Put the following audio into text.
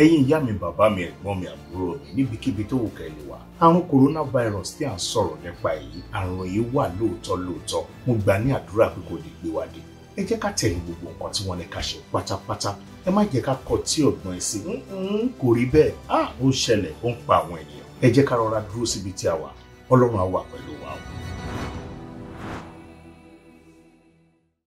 ẹ̀yin ìyá mi bàbá mi ẹ̀gbọ́n mi àbúrò mi níbikíbi tó wù kẹ́lẹ́ wà. àrùn coronavirus tí à ń sọ̀rọ̀ nípa èyí àrùn yìí wà lóòótọ́ lóòótọ́ mo gbà ní àdúrà pé kò lè gbé wa dé. ẹ jẹ́ ká tẹ̀lé gbogbo nǹkan tí wọ́n ní ká ṣe pátápátá ẹ má jẹ́ ká kọ tí ọ̀gbọ́n ẹ sí kò rí bẹ́ẹ̀ á ah, ó ṣẹlẹ̀ ó ń pa àwọn ènìyàn ẹ jẹ́ ká rọra dúró síbi tí a wà ọlọ́run á wà pẹ̀lú wa o.